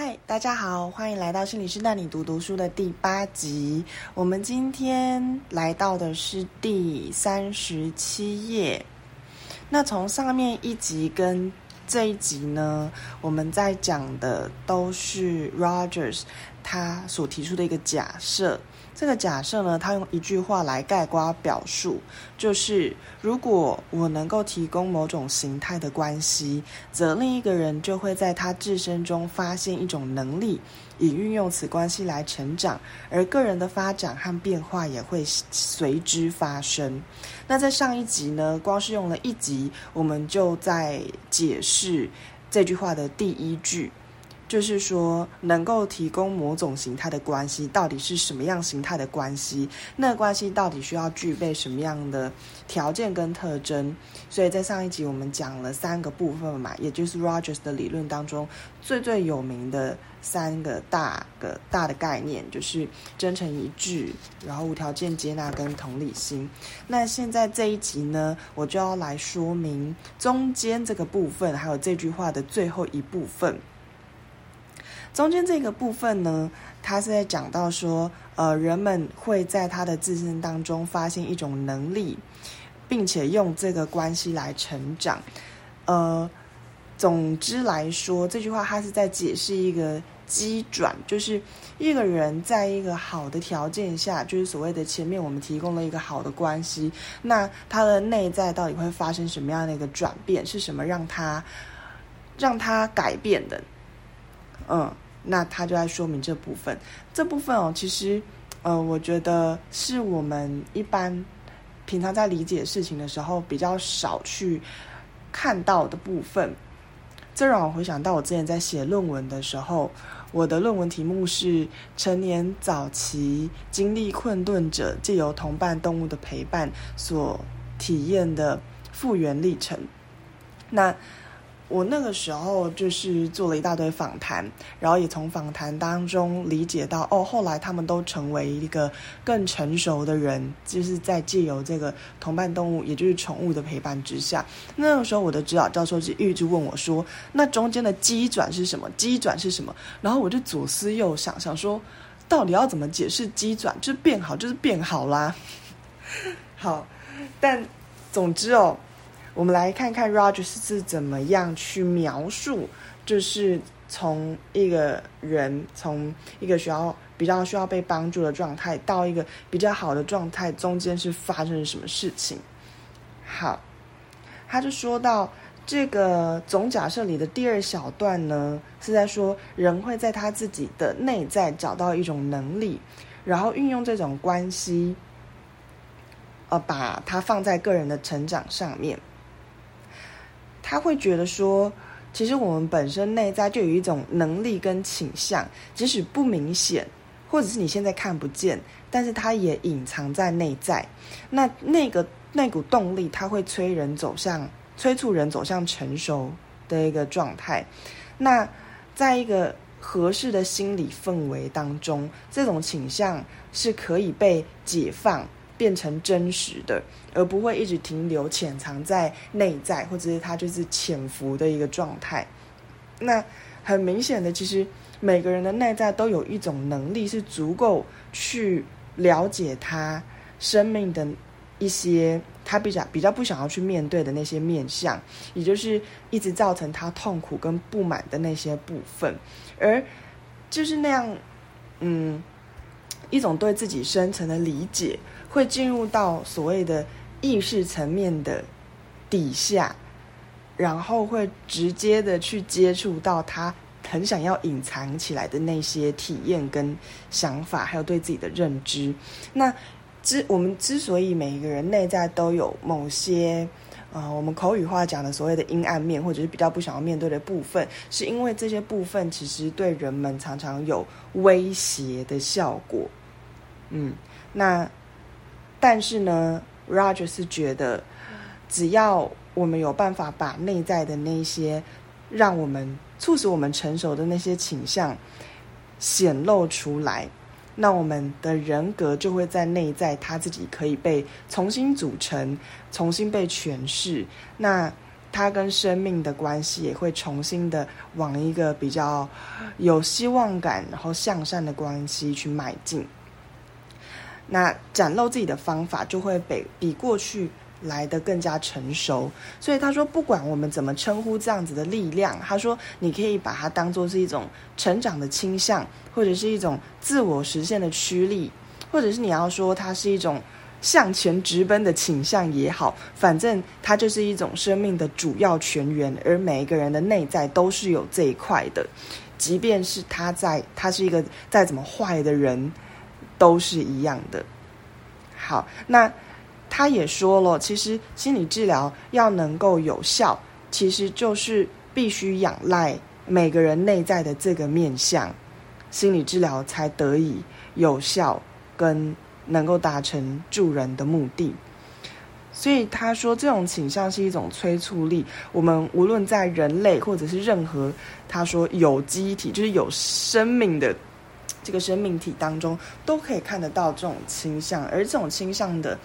嗨，Hi, 大家好，歡迎來到心理師帶你讀讀書的第八集。我們今天來到的是第三十七頁。那從上面一集跟這一集呢，我們在講的都是 Rogers 他所提出的一個假設。這個假設呢，他用一句話來概括表述，就是：如果我能夠提供某種形態的關係，則另一個人就會在他自身中發現一種能力，以運用此關係來成長，而個人的發展和變化也會隨之發生。那在上一集呢，光是用了一集，我們就在解釋這句話的第一句。就是說，能夠提供某種形態的關係，到底是什麼樣形態的關係？那關係到底需要具備什麼樣的條件跟特徵？所以在上一集我們講了三個部分嘛，也就是 Rogers 的理論當中最最有名的三個大個大的概念，就是真誠一致，然後無條件接納跟同理心。那現在這一集呢，我就要來說明中間這個部分，還有這句話的最後一部分。中間這個部分呢，他是在講到說，呃，人們會在他的自身當中發現一種能力，並且用這個關係來成長。呃，總之來說，這句話他是在解釋一個機轉，就是一個人在一個好的條件下，就是所謂的前面我們提供了一個好的關係，那他的內在到底會發生什麼樣的一個轉變？是什麼讓他讓他改變的？嗯。那它就在說明這部分，這部分哦，其實，呃，我覺得是我們一般平常在理解事情的時候比較少去看到的部分。這讓我回想到我之前在寫論文的時候，我的論文題目是“成年早期經歷困頓者借由同伴動物的陪伴所體驗的復原歷程”。那。我那個時候就是做了一大堆訪談，然後也從訪談當中理解到，哦，後來他們都成為一個更成熟的人，就是在借由這個同伴動物，也就是寵物的陪伴之下。那個時候，我的指導教授就一直問我說：“那中間的機轉是什麼？機轉是什麼？”然後我就左思右想，想說到底要怎麼解釋機轉？就是變好，就是變好啦。 好，但總之哦。我們來看看 Rogers 是怎麼樣去描述，就是從一個人從一個需要比較需要被幫助的狀態到一個比較好的狀態，中間是發生什麼事情。好，他就說到這個總假設裡的第二小段呢，是在說人會在他自己的內在找到一種能力，然後運用這種關係，呃，把它放在個人的成長上面。他會覺得說，其實我們本身內在就有一種能力跟傾向，即使不明顯，或者是你現在看不見，但是它也隱藏在內在。那那個那股動力，它會催人走向、催促人走向成熟的一個狀態。那在一個合適的心理氛圍當中，這種傾向是可以被解放，變成真實的，而不會一直停留潛藏在內在，或者是他就是潛伏的一個狀態。那很明顯的，其實每個人的內在都有一種能力，是足夠去了解他生命的、一些他比較他比較不想要去面對的那些面向，也就是一直造成他痛苦跟不滿的那些部分，而就是那樣，嗯。一種對自己深層的理解，會進入到所謂的意識層面的底下，然後會直接的去接觸到他很想要隱藏起來的那些體驗跟想法，還有對自己的認知。那之我們之所以每一個人內在都有某些。啊、呃，我們口語化講的所謂的陰暗面，或者是比較不想要面對的部分，是因為這些部分其實對人們常常有威脅的效果。嗯，那但是呢，Rogers 是覺得，只要我們有辦法把內在的那些讓我們促使我們成熟的那些傾向顯露出來。那我們的人格就會在內在，他自己可以被重新組成，重新被詮釋。那他跟生命的關係也會重新的往一個比較有希望感，然後向善的關係去邁進。那展露自己的方法就會被比過去。來得更加成熟，所以他說，不管我們怎麼稱呼這樣子的力量，他說你可以把它當做是一種成長的傾向，或者是一種自我實現的驅力，或者是你要說它是一種向前直奔的傾向也好，反正它就是一種生命的主要泉源，而每一個人的內在都是有這一塊的，即便是他在他是一個再怎麼壞的人，都是一樣的。好，那。他也說了，其實心理治療要能夠有效，其實就是必須仰賴每個人內在的這個面向，心理治療才得以有效跟能夠達成助人的目的。所以他說，這種傾向是一種催促力，我們無論在人類或者是任何他說有機體，就是有生命的這個生命體當中，都可以看得到這種傾向，而這種傾向的。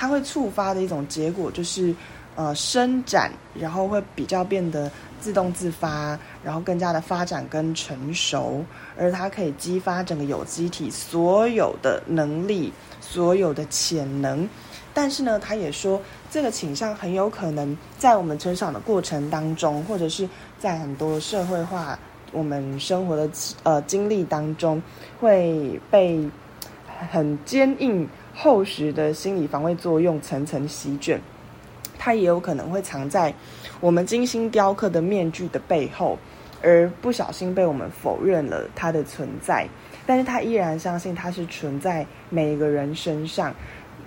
它會觸發的一種結果就是，呃，伸展，然後會比較變得自動自發，然後更加的發展跟成熟，而它可以激發整個有機體所有的能力、所有的潛能。但是呢，它也說這個傾向很有可能在我們成長的過程當中，或者是在很多社會化我們生活的呃經歷當中會被很堅硬厚實的心理防衛作用層層席捲，它也有可能會藏在我們精心雕刻的面具的背後，而不小心被我們否認了它的存在。但是，他依然相信它是存在每一個人身上，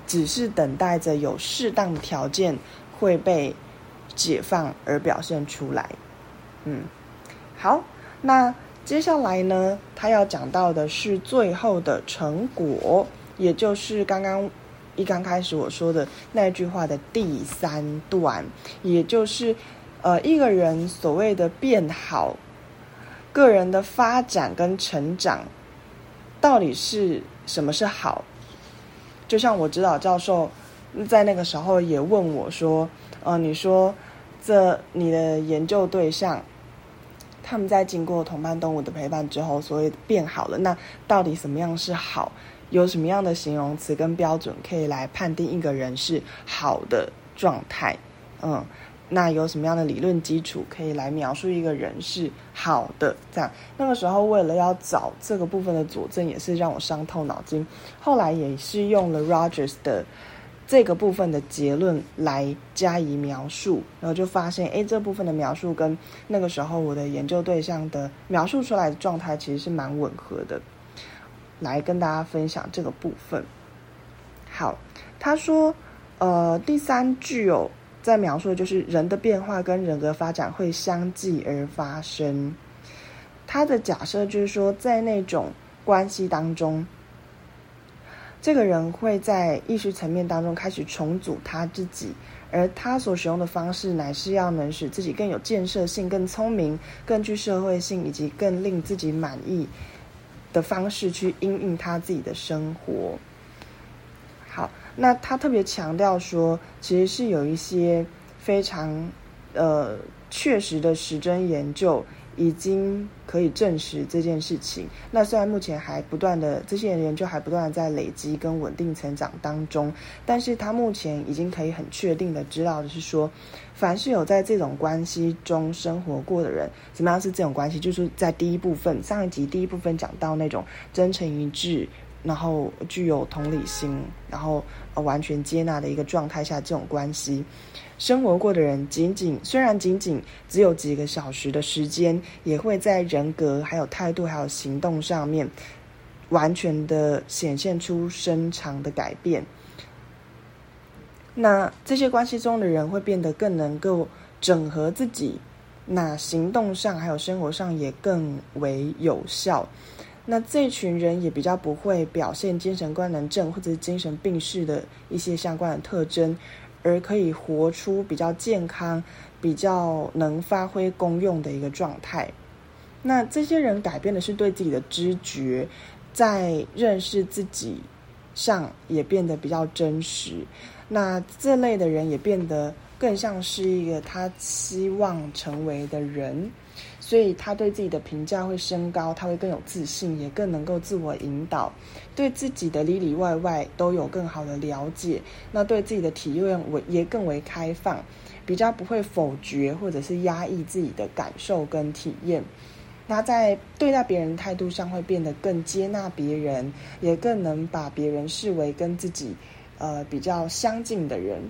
只是等待着有適當的條件會被解放而表現出來。嗯，好，那接下來呢，他要講到的是最後的成果。也就是剛剛一剛開始我說的那句話的第三段，也就是呃，一個人所謂的變好，個人的發展跟成長，到底是什麼是好？就像我指導教授在那個時候也問我說：“呃，你說這你的研究對象他們在經過同伴動物的陪伴之後，所以變好了，那到底什麼樣是好？”有什麼樣的形容詞跟標準可以來判定一個人是好的狀態？嗯，那有什麼樣的理論基礎可以來描述一個人是好的？這樣，那個時候為了要找這個部分的佐證，也是讓我傷透腦筋。後來也是用了 Rogers 的這個部分的結論來加以描述，然後就發現，誒，這部分的描述跟那個時候我的研究對象的描述出來的狀態其實是蠻吻合的。來跟大家分享這個部分。好，他說，呃，第三句哦，在描述的就是人的變化跟人格發展會相繼而發生。他的假設就是說，在那種關係當中，這個人會在意識層面當中開始重組他自己，而他所使用的方式乃是要能使自己更有建設性、更聰明、更具社會性，以及更令自己滿意。的方式去因應他自己的生活。好，那他特別強調說，其實是有一些非常，呃，確實的實證研究。已經可以證實這件事情。那雖然目前還不斷的這些人，就還不斷的在累積跟穩定成長當中，但是他目前已經可以很確定的知道的是說，凡是有在這種關係中生活過的人，怎麼樣是這種關係？就是在第一部分上一集第一部分講到那種真誠一致。然後具有同理心，然後完全接納的一個狀態下，這種關係生活過的人，僅僅雖然僅僅只有幾個小時的時間，也會在人格、還有態度、還有行動上面，完全的顯現出深長的改變。那這些關係中的人會變得更能夠整合自己，那行動上還有生活上也更為有效。那這群人也比較不會表現精神官能症或者是精神病史的一些相關的特徵，而可以活出比較健康、比較能發揮功用的一個狀態。那這些人改變的是對自己的知覺，在認識自己上也變得比較真實。那這類的人也變得更像是一個他希望成為的人。所以他對自己的評價會升高，他會更有自信，也更能夠自我引導，對自己的裡裡外外都有更好的了解。那對自己的體驗，也更為開放，比較不會否決或者是壓抑自己的感受跟體驗。那在對待別人態度上，會變得更接納別人，也更能把別人視為跟自己呃比較相近的人。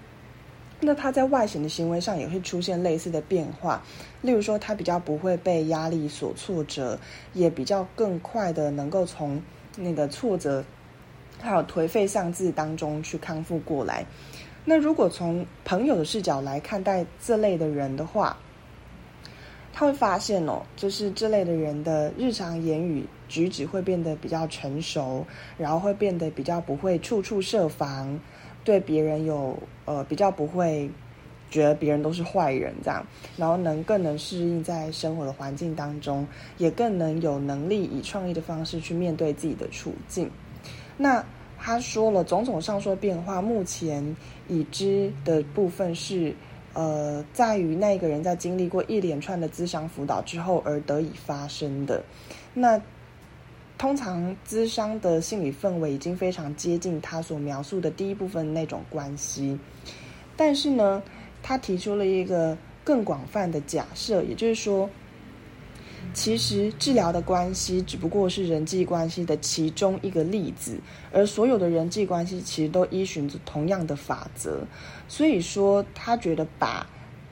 那他在外顯的行為上也會出現類似的變化，例如說他比較不會被壓力所挫折，也比較更快的能夠從那個挫折還有頹廢喪志當中去康復過來。那如果從朋友的視角來看待這類的人的話，他會發現哦，就是這類的人的日常言語舉止會變得比較成熟，然後會變得比較不會處處設防。對別人有呃，比較不會覺得別人都是壞人這樣，然後能更能適應在生活的環境當中，也更能有能力以創意的方式去面對自己的處境。那他說了，種種上述變化目前已知的部分是呃，在於那個人在經歷過一連串的諮商輔導之後而得以發生的。那。通常諮商的心理氛圍已經非常接近他所描述的第一部分那種關係，但是呢，他提出了一個更廣泛的假設，也就是說，其實治療的關係只不過是人際關係的其中一個例子，而所有的人際關係其實都依循着同樣的法則。所以說，他覺得把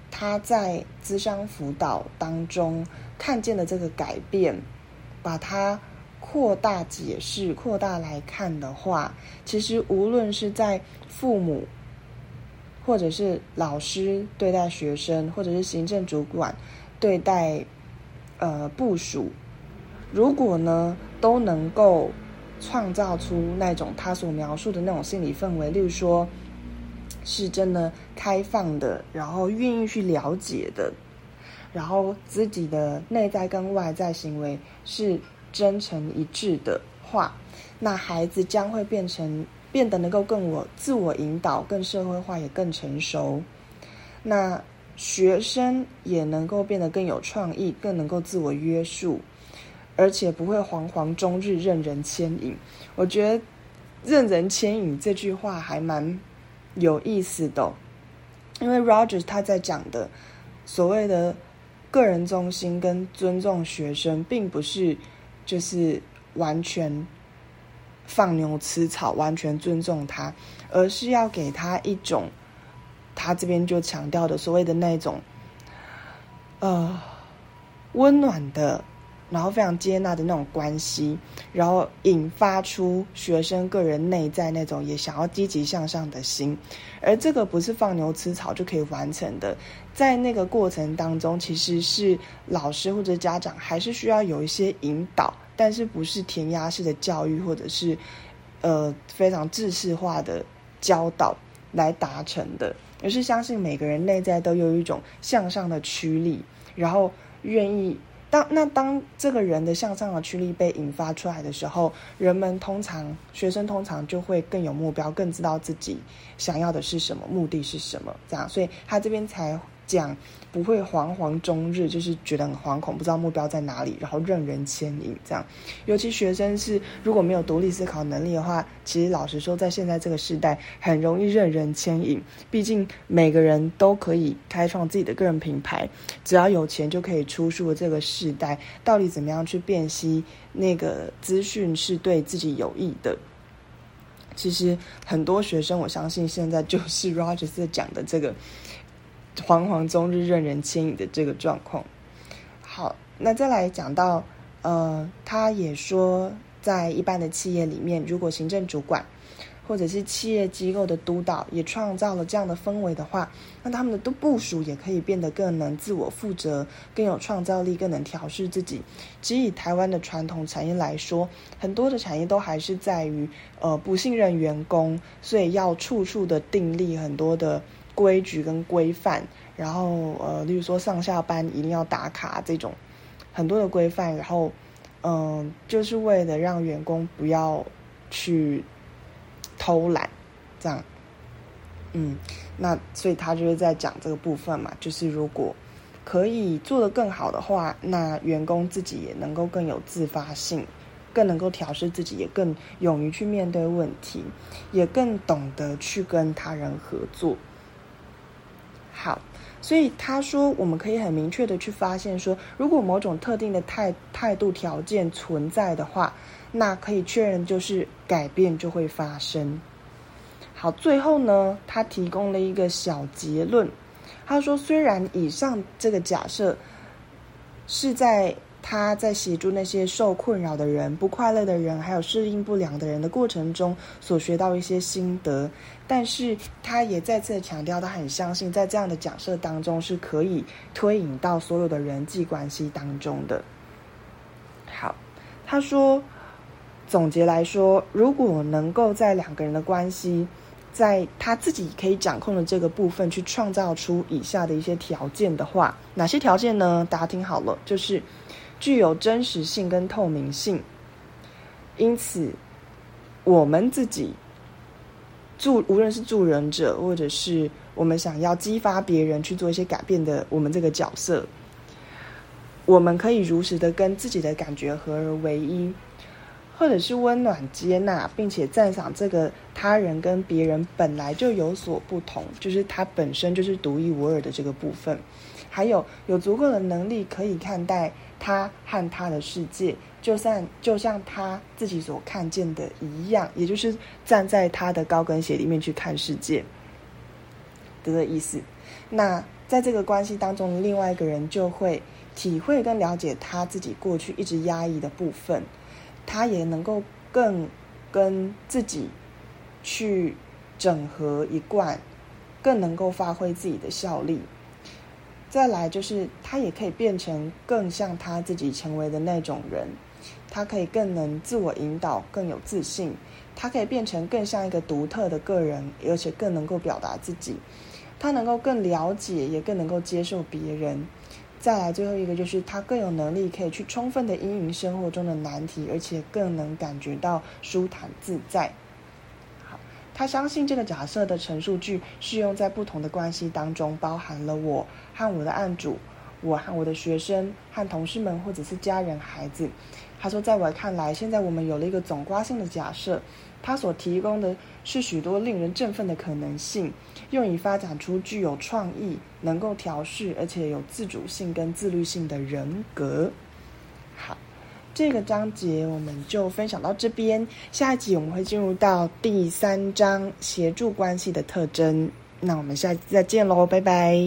他在諮商輔導當中看見的這個改變，把他。擴大解釋，擴大來看的話，其實無論是在父母，或者是老師對待學生，或者是行政主管對待呃部屬，如果呢都能夠創造出那種他所描述的那種心理氛圍，例如說，是真的開放的，然後願意去了解的，然後自己的內在跟外在行為是。真誠一致的話，那孩子將會變成變得能夠更我自我引導，更社會化也更成熟。那學生也能夠變得更有創意，更能夠自我約束，而且不會惶惶終日任人牽引。我覺得“任人牽引”這句話還蠻有意思的哦，因為 Rogers 他在講的所謂的個人中心跟尊重學生，並不是。就是完全放牛吃草，完全尊重他，而是要給他一種，他這邊就強調的所謂的那種，呃，溫暖的。然後非常接納的那種關係，然後引發出學生個人內在那種也想要積極向上的心，而這個不是放牛吃草就可以完成的，在那個過程當中，其實是老師或者家長還是需要有一些引導，但是不是填鴨式的教育，或者是呃非常制式化的教導來達成的，而是相信每個人內在都有一種向上的驅力，然後願意。當那當這個人的向上的驅力被引發出來的時候，人們通常，學生通常就會更有目標，更知道自己想要的是什麼，目的是什麼，這樣，所以他這邊才。講不會惶惶終日，就是覺得很惶恐，不知道目標在哪裡，然後任人牽引。這樣，尤其學生是如果沒有獨立思考能力的話，其實老實說，在現在這個時代，很容易任人牽引。畢竟每個人都可以開創自己的個人品牌，只要有錢就可以出書。這個時代到底怎麼樣去辨析那個資訊是對自己有益的？其實很多學生，我相信現在就是 Rogers 講的這個。惶惶終日，任人牽引的這個狀況。好，那再來講到，呃，他也說，在一般的企業裡面，如果行政主管或者是企業機構的督導也創造了這樣的氛圍的話，那他們的都部屬也可以變得更能自我負責，更有創造力，更能調適自己。其實以台灣的傳統產業來說，很多的產業都還是在於，呃，不信任員工，所以要處處的訂立很多的。規矩跟規範，然後呃，例如說上下班一定要打卡這種，很多的規範，然後嗯、呃，就是為了讓員工不要去偷懶，這樣，嗯，那所以他就是在講這個部分嘛，就是如果可以做得更好的話，那員工自己也能夠更有自發性，更能夠調適自己，也更勇於去面對問題，也更懂得去跟他人合作。好，所以他說，我們可以很明確的去發現說，說如果某種特定的態態度條件存在的話，那可以確認就是改變就會發生。好，最後呢，他提供了一個小結論，他說雖然以上這個假設是在。他在協助那些受困擾的人、不快樂的人，還有適應不良的人的過程中，所學到一些心得。但是，他也再次強調，他很相信在這樣的假設當中是可以推引到所有的人際關係當中的。好，他說，總結來說，如果能夠在兩個人的關係，在他自己可以掌控的這個部分，去創造出以下的一些條件的話，哪些條件呢？大家聽好了，就是，具有真實性跟透明性，因此，我們自己助，無論是助人者，或者是我們想要激發別人去做一些改變的，我們這個角色，我們可以如實的跟自己的感覺合而為一，或者是溫暖接納，並且讚賞這個他人跟別人本來就有所不同，就是他本身就是獨一無二的這個部分，還有有足夠的能力可以看待。他和他的世界，就算就像他自己所看見的一樣，也就是站在他的高跟鞋裡面去看世界得的意思。那在這個關係當中，另外一個人就會體會跟了解他自己過去一直壓抑的部分，他也能夠更跟自己去整合一貫，更能夠發揮自己的效力。再來就是，他也可以變成更像他自己成為的那種人，他可以更能自我引導，更有自信，他可以變成更像一個獨特的個人，而且更能夠表達自己，他能夠更了解，也更能夠接受別人。再來最後一個就是，他更有能力可以去充分的因應生活中的難題，而且更能感覺到舒坦自在。他相信這個假設的陳述句適用在不同的關係當中，包含了我和我的案主，我和我的學生和同事們，或者是家人、孩子。他說，在我看來，現在我們有了一個總括性的假設，它所提供的是許多令人振奮的可能性，用以發展出具有創意、能夠調試而且有自主性跟自律性的人格。好。這個章節我們就分享到這邊，下一集我們會進入到第三章協助關係的特徵。那我們下集再見嘍，拜拜。